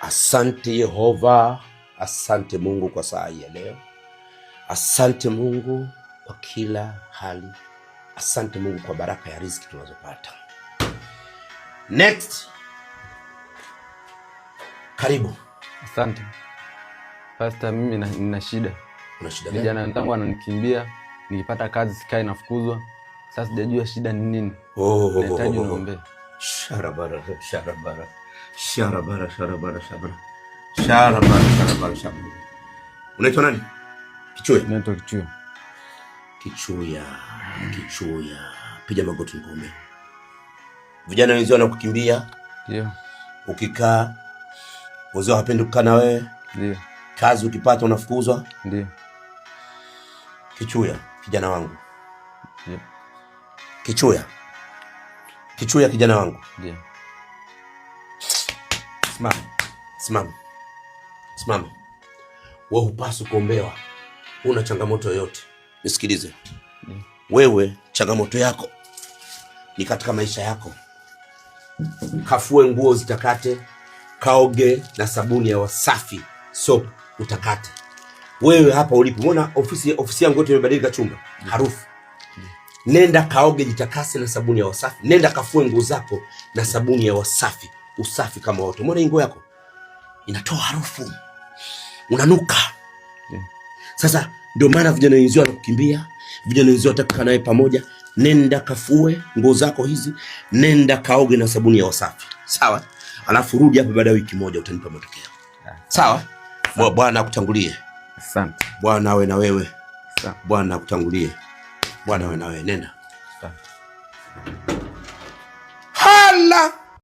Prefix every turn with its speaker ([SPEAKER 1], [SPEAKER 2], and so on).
[SPEAKER 1] Asante Yehova, asante Mungu kwa saa hii ya leo. Asante Mungu kwa kila hali. Asante Mungu kwa baraka ya riziki tunazopata. Next, karibu.
[SPEAKER 2] Asante Pastor, mimi nina shida. Una shida gani? Vijana wenzangu wananikimbia, nikipata kazi sikae nafukuzwa. Sasa sijajua shida ni nini.
[SPEAKER 1] Oh, oh, oh, oh, oh. Nahitaji Sharabara, sharabara, sharabara, sharabara, sharabara, sharabara, sharabara, sharabara. Unaitwa nani? Kichuya. Naitwa Kichuya. Kichuya, Kichuya, piga magoti ngome. Vijana wenzio wanakukimbia. Ndio. Ukikaa wazee hawapendi kukaa na wewe. Ndio. Kazi ukipata unafukuzwa. Ndio. Kichuya, kijana wangu. Ndio. Kichuya kichwa ya kijana wangu. Simama. Simama. Simama. Wewe hupaswi kuombewa. Una changamoto yoyote. Nisikilize. Wewe changamoto yako ni katika maisha yako. Kafue nguo zitakate, kaoge na sabuni ya Wasafi soap utakate. Wewe hapa ulipo, umeona ofisi ofisi yangu yote imebadilika chumba. Harufu Nenda kaoge, jitakase na sabuni ya Wasafi. Nenda kafue nguo zako na sabuni ya Wasafi. Usafi kama wote. Umeona nguo yako inatoa harufu, unanuka. Sasa ndio maana vijana wenzio wanakukimbia, vijana wenzio wataka naye pamoja. Nenda kafue nguo zako hizi, nenda kaoge na sabuni ya Wasafi, sawa? Alafu rudi hapa baada ya wiki moja, utanipa matokeo, sawa? Bwana akutangulie. Asante. Bwana awe na wewe. Bwana akutangulie. Bwana wewe nawe nena.
[SPEAKER 2] Hala!